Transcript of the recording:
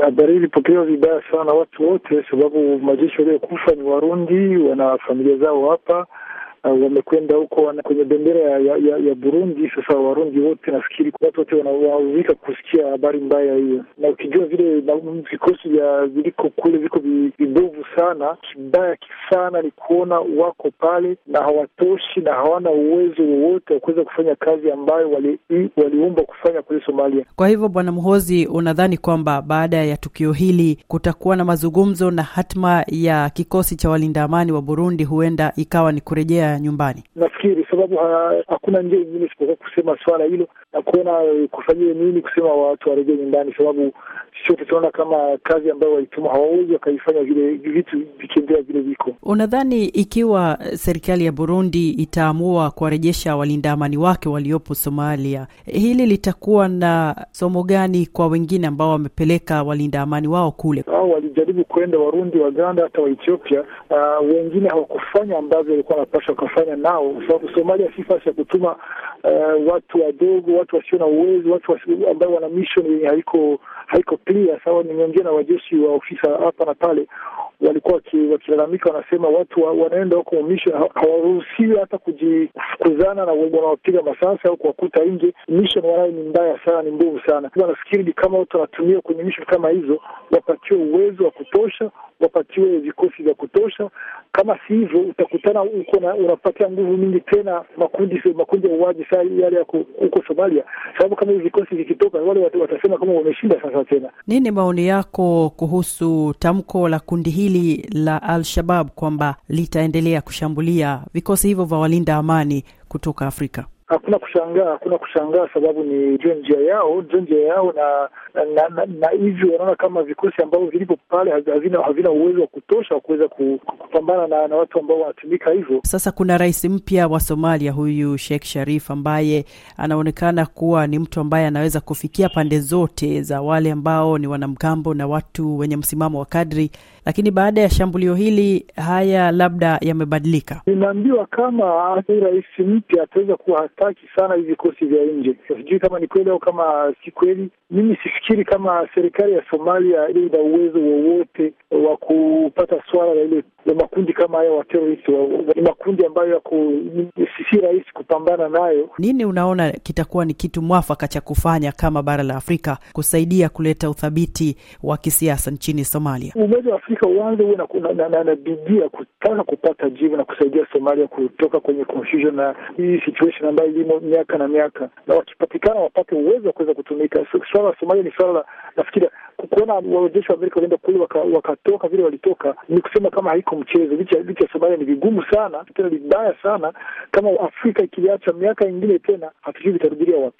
Habari hii ilipokelewa vibaya sana watu wote, sababu majeshi waliokufa ni Warundi, wana familia zao hapa Uh, wamekwenda huko kwenye bendera ya, ya, ya Burundi. Sasa Warundi wote nafikiri watu wote wanauzika kusikia habari mbaya hiyo, na ukijua vile vikosi vya viliko kule viko vibovu sana. Mbaya sana ni kuona wako pale na hawatoshi na hawana uwezo wowote wa kuweza kufanya kazi ambayo waliumbwa wali kufanya kule Somalia. Kwa hivyo, Bwana Mhozi, unadhani kwamba baada ya tukio hili kutakuwa na mazungumzo na hatma ya kikosi cha walinda amani wa Burundi huenda ikawa ni kurejea nyumbani? Nafikiri sababu hakuna njia ingine isipokuwa kusema swala hilo na kuona e, kufanyie nini, kusema watu warejee nyumbani, sababu sote tunaona kama kazi ambayo walitumwa hawawezi wakaifanya vile vile vitu vikiendea vile viko. Unadhani ikiwa serikali ya Burundi itaamua kuwarejesha walinda amani wake waliopo Somalia, hili litakuwa na somo gani kwa wengine ambao wamepeleka walinda amani wao kule? Hao walijaribu kwenda Warundi, Waganda, hata Waethiopia. Uh, wengine hawakufanya ambavyo walikuwa wanapasha wakafanya nao, kwa sababu Somalia si fasi ya kutuma uh, watu wadogo, watu wasio na uwezo, watu ambao wana mission yenye haiko haiko clear. Sawa, nimeongea na wajeshi wa ofisa hapa na pale walikuwa wakilalamika, wanasema watu wa, wanaenda huko mission hawaruhusiwi hata kujifukuzana na wanaopiga masasa au kuwakuta nje. Mission wanayo ni mbaya sana, ni mbovu sana. Nafikiri kama watu wanatumia kwenye mission kama hizo, wapatiwe uwezo wa kutosha, wapatiwe vikosi vya kutosha. Kama si hivyo, utakutana uko na unapatia nguvu mingi tena makundi makundi ya uwaji saa yale ya huko Somalia, sababu kama hivi vikosi vikitoka, wale watasema kama wameshinda sasa tena. Nini maoni yako kuhusu tamko la kundi hili hili la Al-Shabab kwamba litaendelea kushambulia vikosi hivyo vya walinda amani kutoka Afrika? Hakuna kushangaa, hakuna kushangaa, sababu ni ndio njia yao, ndio njia yao, na na hivyo wanaona kama vikosi ambavyo vilivyo pale havina havina uwezo wa kutosha wa kuweza kupambana na, na watu ambao wanatumika hivyo. Sasa kuna rais mpya wa Somalia huyu Sheikh Sharif ambaye anaonekana kuwa ni mtu ambaye anaweza kufikia pande zote za wale ambao ni wanamgambo na watu wenye msimamo wa kadri, lakini baada ya shambulio hili haya labda yamebadilika. Ninaambiwa kama rais mpya ataweza kuwa hawataki sana hivi vikosi vya nje. Sijui kama ni kweli au kama si kweli. Mimi sifikiri kama serikali ya Somalia ina uwezo wowote wa kupata swala la ile ya makundi kama haya wa terrorist ni makundi ambayo yako si rahisi kupambana nayo. Nini unaona kitakuwa ni kitu mwafaka cha kufanya kama bara la Afrika kusaidia kuleta uthabiti wa kisiasa nchini Somalia? Umoja wa Afrika uanze huwe na bidii ya kutaka kupata jibu na kusaidia Somalia kutoka kwenye confusion na hii situation ambayo ilimo miaka na miaka, na wakipatikana wapate uwezo wa kuweza kutumika. Swala la Somalia ni swala la nafikiri ukiona wawezeshi wa Amerika walienda kule waka, wakatoka vile walitoka, ni kusema kama haiko mchezo. Licha licha Somalia ni vigumu sana tena vibaya sana, kama Afrika ikiliacha miaka ingine tena, hatujui vitarudilia wapi.